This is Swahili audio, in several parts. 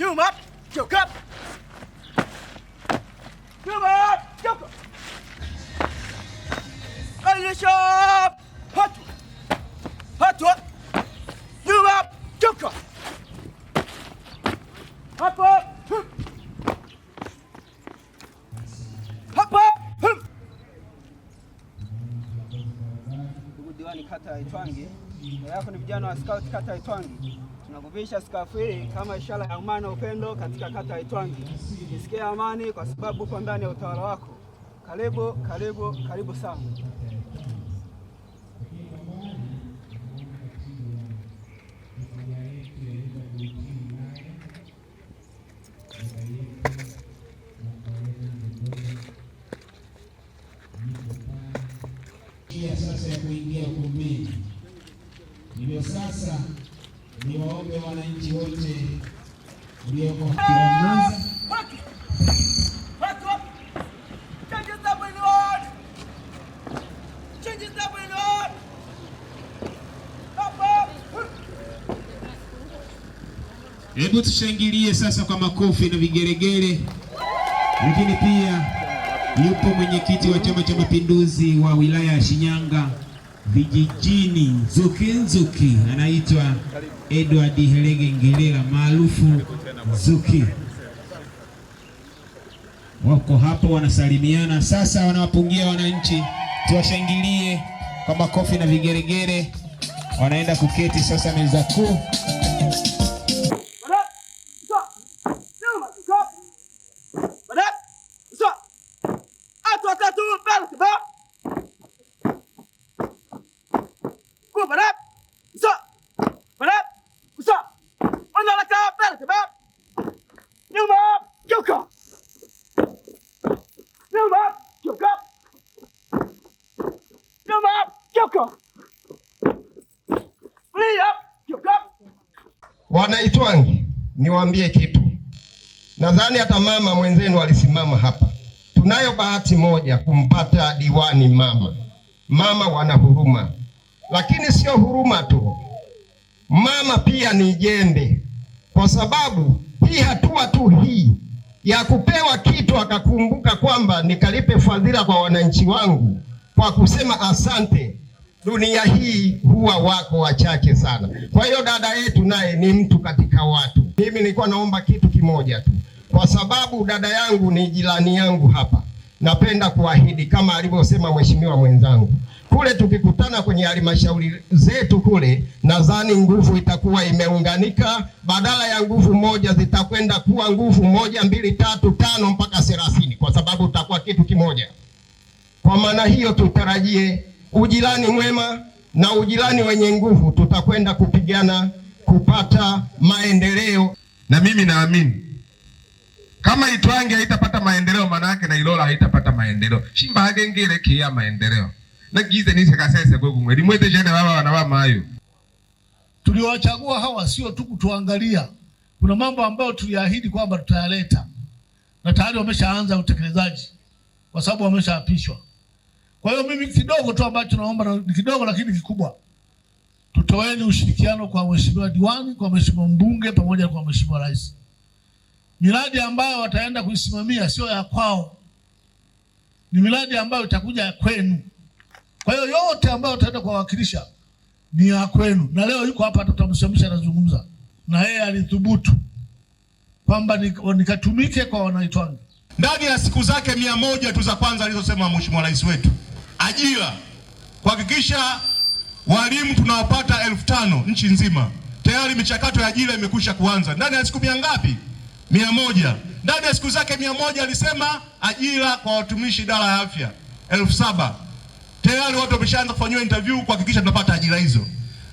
Hume up, joke up. Hume up, joke up. Alishop, hot, hot up. Hume up, joke up. Hop up, hum. Hop up, hum. Ndugu diwani kata ya Itwangi yako ni vijana wa Scout kata ya Itwangi. Tunakuvisha skafu hii kama ishara ya amani na upendo katika kata ya Itwangi. Nisikie amani kwa sababu uko ndani ya utawala wako. Karibu, karibu, karibu sana. wananchi wote ulioko Hebu tushangilie sasa kwa makofi na vigeregere. Lakini pia yupo mwenyekiti wa Chama cha Mapinduzi wa wilaya ya Shinyanga vijijini Nzuki Nzuki, anaitwa Edward Herege Ngelela maarufu Nzuki. Wako hapo wanasalimiana sasa, wanawapungia wananchi, tuwashangilie kwa makofi na vigeregere. Wanaenda kuketi sasa meza kuu. niwaambie kitu. Nadhani hata mama mwenzenu alisimama hapa. Tunayo bahati moja kumpata diwani mama. Mama wana huruma, lakini sio huruma tu, mama pia ni jembe, kwa sababu hii hatua tu hii ya kupewa kitu akakumbuka kwamba nikalipe fadhila kwa wananchi wangu kwa kusema asante. Dunia hii huwa wako wachache sana. Kwa hiyo dada yetu naye ni mtu katika watu. Mimi nilikuwa naomba kitu kimoja tu, kwa sababu dada yangu ni jirani yangu hapa. Napenda kuahidi kama alivyosema mheshimiwa mwenzangu kule, tukikutana kwenye halmashauri zetu kule, nadhani nguvu itakuwa imeunganika, badala ya nguvu moja zitakwenda kuwa nguvu moja, mbili, tatu, tano mpaka thelathini, kwa sababu tutakuwa kitu kimoja. Kwa maana hiyo, tutarajie ujirani mwema na ujirani wenye nguvu, tutakwenda kupigana kupata maendeleo, na mimi naamini kama Itwangi haitapata maendeleo, maana yake na Ilola haitapata maendeleo. shimbage ngere kia maendeleo nagize nisekasese kwegumwe limwete jene wawa wanawama ayo. Tuliowachagua hawa sio tu kutuangalia, kuna mambo ambayo tuliahidi kwamba tutayaleta na tayari wameshaanza utekelezaji kwa sababu wameshaapishwa. Kwa hiyo mimi kidogo tu ambacho naomba ni kidogo, lakini kikubwa Tutoeni ushirikiano kwa mheshimiwa diwani, kwa mheshimiwa mbunge, pamoja kwa mheshimiwa rais. Miradi ambayo wataenda kuisimamia sio ya kwao, ni miradi ambayo itakuja ya kwenu. Kwa hiyo yote ambayo wataenda kuwawakilisha ni ya kwenu, na leo yuko hapa, tutamsemsha anazungumza na yeye, alithubutu kwamba nikatumike kwa Wanaitwangi ndani ya siku zake mia moja tu za kwanza alizosema mheshimiwa rais wetu, ajira kuhakikisha walimu tunawapata elfu tano nchi nzima. Tayari michakato ya ajira imekwisha kuanza ndani ya siku mia ngapi? Mia moja. Ndani ya siku zake mia moja alisema ajira kwa watumishi idara ya afya elfu saba tayari watu wameshaanza kufanyiwa interview kuhakikisha tunapata ajira hizo.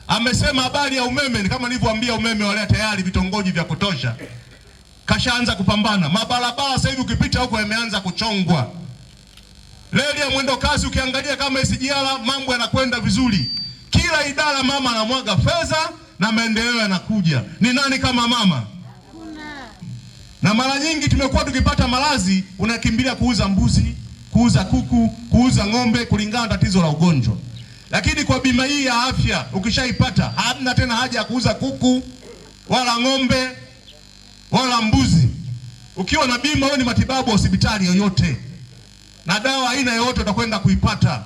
Amesema habari ya umeme, ni kama nilivyoambia, umeme wale tayari vitongoji vya kutosha, kashaanza kupambana. Mabarabara sasa hivi ukipita huko yameanza kuchongwa. Reli ya mwendo kasi ukiangalia kama SGR, mambo yanakwenda vizuri. Kila idara mama anamwaga fedha na maendeleo yanakuja. Ni nani kama mama? Na mara nyingi tumekuwa tukipata maradhi, unakimbilia kuuza mbuzi, kuuza kuku, kuuza ng'ombe, kulingana na tatizo la ugonjwa. Lakini kwa bima hii ya afya ukishaipata, hamna tena haja ya kuuza kuku wala ng'ombe wala mbuzi. Ukiwa na bima wewe, ni matibabu ya hospitali yoyote na dawa aina yoyote utakwenda kuipata.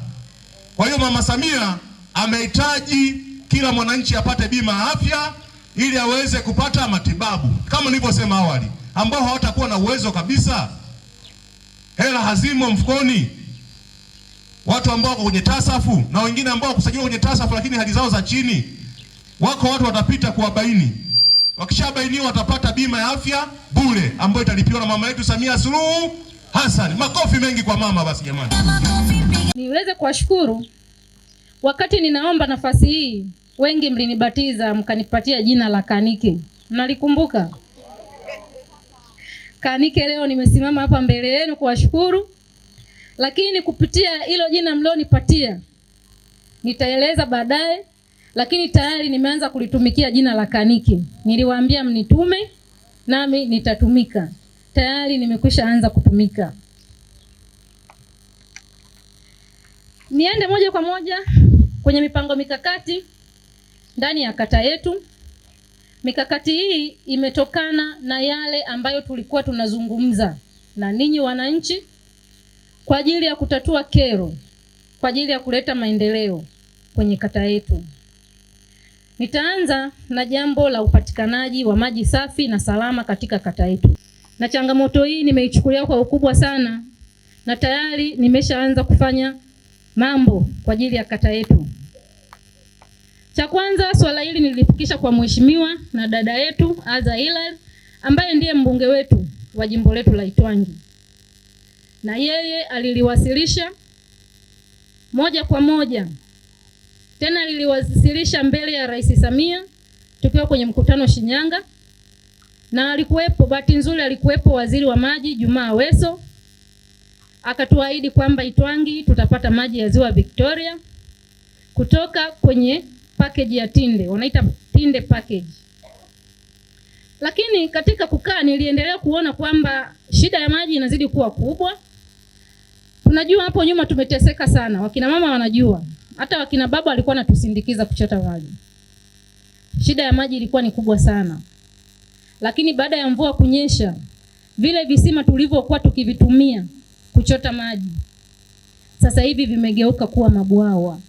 Kwa hiyo Mama Samia amehitaji kila mwananchi apate bima ya afya ili aweze kupata matibabu kama nilivyosema awali, ambao hawatakuwa na uwezo kabisa, hela hazimo mfukoni, watu ambao wako kwenye tasafu na wengine ambao kusajiliwa kwenye tasafu lakini hali zao za chini, wako watu watapita kuwabaini. Wakishabainiwa watapata bima ya afya bure ambayo italipiwa na mama yetu Samia Suluhu Hassan. Makofi mengi kwa mama basi, jamani, niweze kuwashukuru Wakati ninaomba nafasi hii, wengi mlinibatiza mkanipatia jina la Kanike, mnalikumbuka Kanike. Leo nimesimama hapa mbele yenu kuwashukuru, lakini kupitia hilo jina mlionipatia nitaeleza baadaye, lakini tayari nimeanza kulitumikia jina la Kanike. Niliwaambia mnitume nami nitatumika, tayari nimekwisha anza kutumika. Niende moja kwa moja kwenye mipango mikakati ndani ya kata yetu. Mikakati hii imetokana na yale ambayo tulikuwa tunazungumza na ninyi wananchi kwa ajili ya kutatua kero, kwa ajili ya kuleta maendeleo kwenye kata yetu. Nitaanza na jambo la upatikanaji wa maji safi na salama katika kata yetu, na changamoto hii nimeichukulia kwa ukubwa sana, na tayari nimeshaanza kufanya mambo kwa ajili ya kata yetu. Cha kwanza, swala hili nilifikisha kwa mheshimiwa na dada yetu Aza Hilal ambaye ndiye mbunge wetu wa jimbo letu la Itwangi, na yeye aliliwasilisha moja kwa moja, tena liliwasilisha mbele ya Rais Samia tukiwa kwenye mkutano Shinyanga, na alikuwepo, bahati nzuri alikuwepo waziri wa maji Jumaa Aweso, akatuahidi kwamba Itwangi tutapata maji ya Ziwa Victoria kutoka kwenye package ya Tinde, wanaita Tinde package. Lakini katika kukaa niliendelea kuona kwamba shida ya maji inazidi kuwa kubwa. Tunajua hapo nyuma tumeteseka sana, wakina mama wanajua, hata wakina baba walikuwa natusindikiza kuchota maji. Shida ya maji ilikuwa ni kubwa sana, lakini baada ya mvua kunyesha, vile visima tulivyokuwa tukivitumia kuchota maji sasa hivi vimegeuka kuwa mabwawa.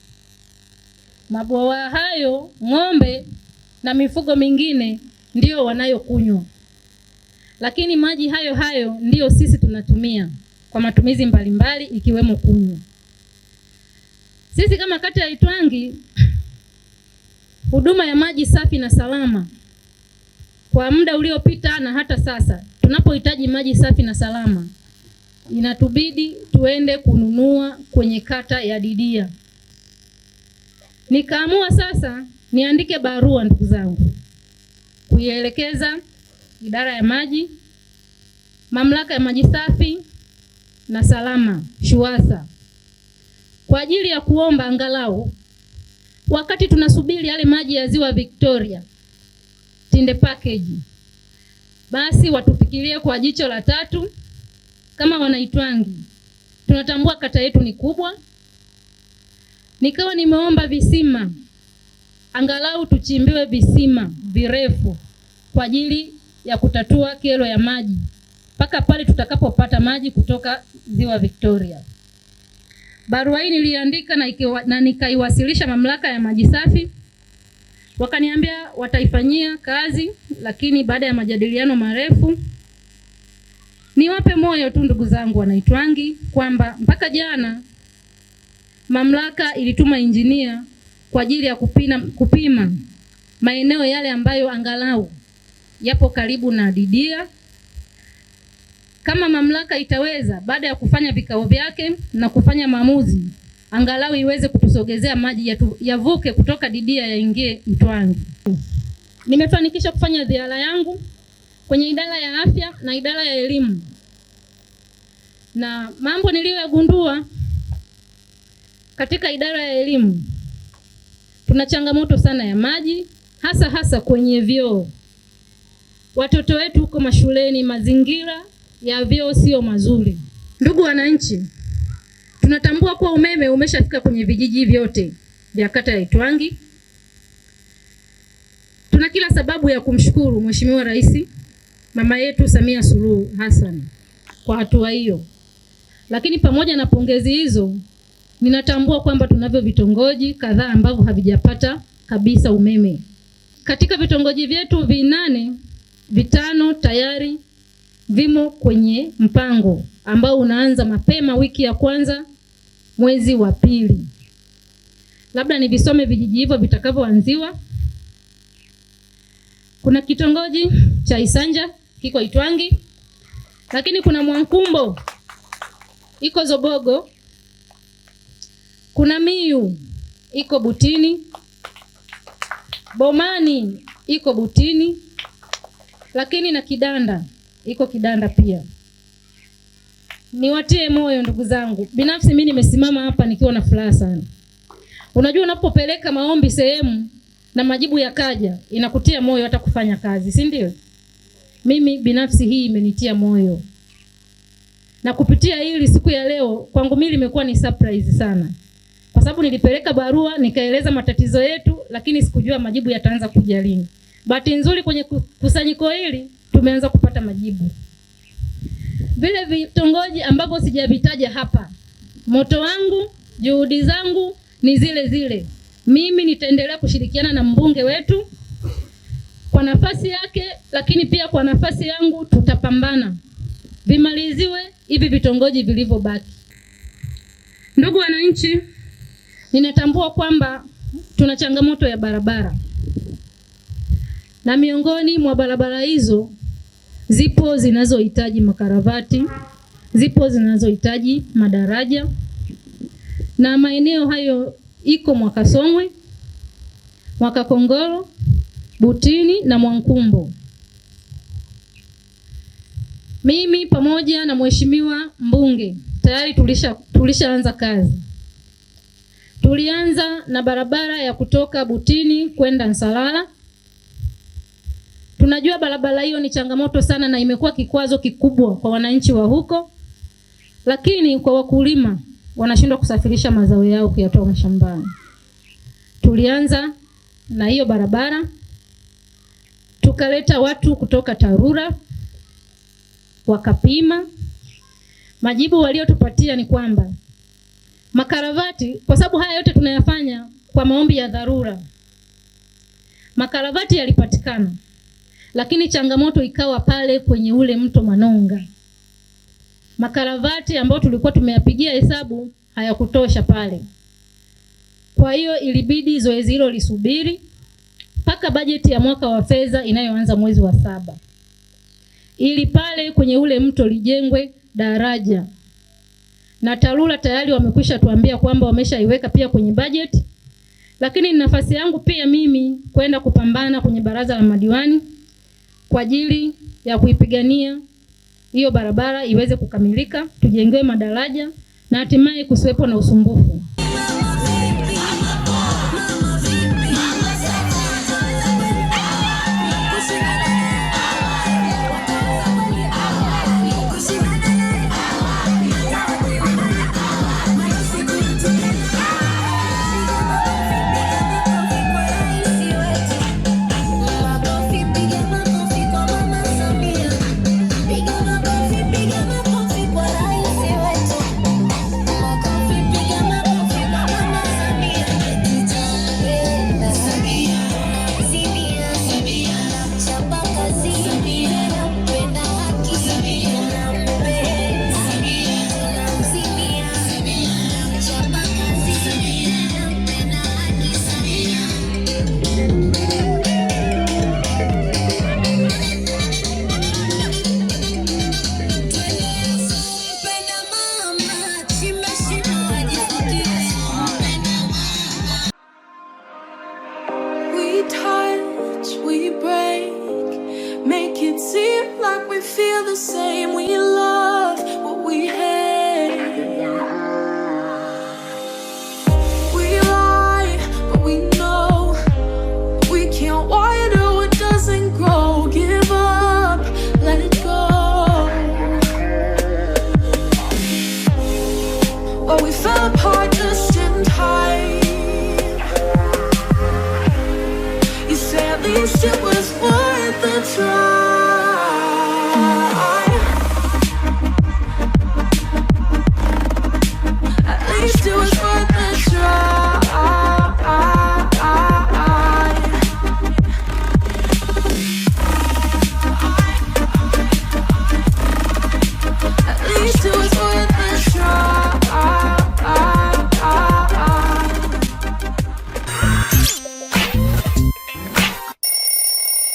Mabwawa hayo ng'ombe na mifugo mingine ndio wanayokunywa, lakini maji hayo hayo ndiyo sisi tunatumia kwa matumizi mbalimbali ikiwemo kunywa. Sisi kama kata ya Itwangi, huduma ya maji safi na salama kwa muda uliopita na hata sasa, tunapohitaji maji safi na salama inatubidi tuende kununua kwenye kata ya Didia. Nikaamua sasa niandike barua, ndugu zangu, kuielekeza idara ya maji, mamlaka ya maji safi na salama SHUWASA kwa ajili ya kuomba angalau wakati tunasubiri yale maji ya ziwa Victoria tinde package, basi watufikirie kwa jicho la tatu, kama wanaitwangi. Tunatambua kata yetu ni kubwa. Nikawa nimeomba visima, angalau tuchimbiwe visima virefu kwa ajili ya kutatua kero ya maji mpaka pale tutakapopata maji kutoka ziwa Victoria. Barua hii niliandika na, na nikaiwasilisha mamlaka ya maji safi, wakaniambia wataifanyia kazi, lakini baada ya majadiliano marefu. Niwape moyo tu ndugu zangu wanaitwangi kwamba mpaka jana mamlaka ilituma injinia kwa ajili ya kupima, kupima maeneo yale ambayo angalau yapo karibu na Didia. Kama mamlaka itaweza baada ya kufanya vikao vyake na kufanya maamuzi, angalau iweze kutusogezea maji yavuke yavuke kutoka Didia yaingie Mtwangi. Nimefanikisha kufanya ziara yangu kwenye idara ya afya na idara ya elimu, na mambo niliyogundua katika idara ya elimu tuna changamoto sana ya maji, hasa hasa kwenye vyoo. Watoto wetu huko mashuleni, mazingira ya vyoo sio mazuri. Ndugu wananchi, tunatambua kuwa umeme umeshafika kwenye vijiji vyote vya kata ya Itwangi. Tuna kila sababu ya kumshukuru Mheshimiwa Rais mama yetu Samia Suluhu Hassan kwa hatua hiyo, lakini pamoja na pongezi hizo Ninatambua kwamba tunavyo vitongoji kadhaa ambavyo havijapata kabisa umeme. Katika vitongoji vyetu vinane, vitano tayari vimo kwenye mpango ambao unaanza mapema wiki ya kwanza mwezi wa pili. Labda nivisome vijiji hivyo vitakavyoanziwa. Kuna kitongoji cha Isanja kiko Itwangi, lakini kuna Mwankumbo iko Zobogo kuna miyu iko Butini, Bomani iko Butini, lakini na Kidanda iko Kidanda pia. Niwatie moyo ndugu zangu, binafsi mimi nimesimama hapa nikiwa na furaha sana. Unajua, unapopeleka maombi sehemu na majibu yakaja, inakutia moyo hata kufanya kazi, si ndio? Mimi binafsi hii imenitia moyo, na kupitia hili siku ya leo kwangu mimi limekuwa ni surprise sana kwa sababu nilipeleka barua nikaeleza matatizo yetu, lakini sikujua majibu yataanza kuja lini. Bahati nzuri kwenye kusanyiko hili tumeanza kupata majibu. Vile vitongoji ambavyo sijavitaja hapa, moto wangu, juhudi zangu ni zile zile. Mimi nitaendelea kushirikiana na mbunge wetu kwa nafasi yake, lakini pia kwa nafasi yangu tutapambana vimaliziwe hivi vitongoji vilivyobaki. Ndugu wananchi Ninatambua kwamba tuna changamoto ya barabara na miongoni mwa barabara hizo zipo zinazohitaji makaravati, zipo zinazohitaji madaraja, na maeneo hayo iko mwaka Mwakakongoro, Butini na Mwankumbo. Mimi pamoja na mheshimiwa mbunge tayari tulisha tulishaanza kazi Tulianza na barabara ya kutoka Butini kwenda Nsalala. Tunajua barabara hiyo ni changamoto sana na imekuwa kikwazo kikubwa kwa wananchi wa huko, lakini kwa wakulima wanashindwa kusafirisha mazao yao kuyatoa mashambani. Tulianza na hiyo barabara, tukaleta watu kutoka TARURA wakapima. Majibu waliotupatia ni kwamba Makaravati, kwa sababu haya yote tunayafanya kwa maombi ya dharura. Makaravati yalipatikana, lakini changamoto ikawa pale kwenye ule mto Manonga. Makaravati ambayo tulikuwa tumeyapigia hesabu hayakutosha pale, kwa hiyo ilibidi zoezi hilo lisubiri mpaka bajeti ya mwaka wa fedha inayoanza mwezi wa saba, ili pale kwenye ule mto lijengwe daraja na TARURA tayari wamekwisha tuambia kwamba wameshaiweka pia kwenye bajeti, lakini ni nafasi yangu pia mimi kwenda kupambana kwenye baraza la madiwani kwa ajili ya kuipigania hiyo barabara iweze kukamilika, tujengewe madaraja na hatimaye kusiwepo na usumbufu. feel the same. We high.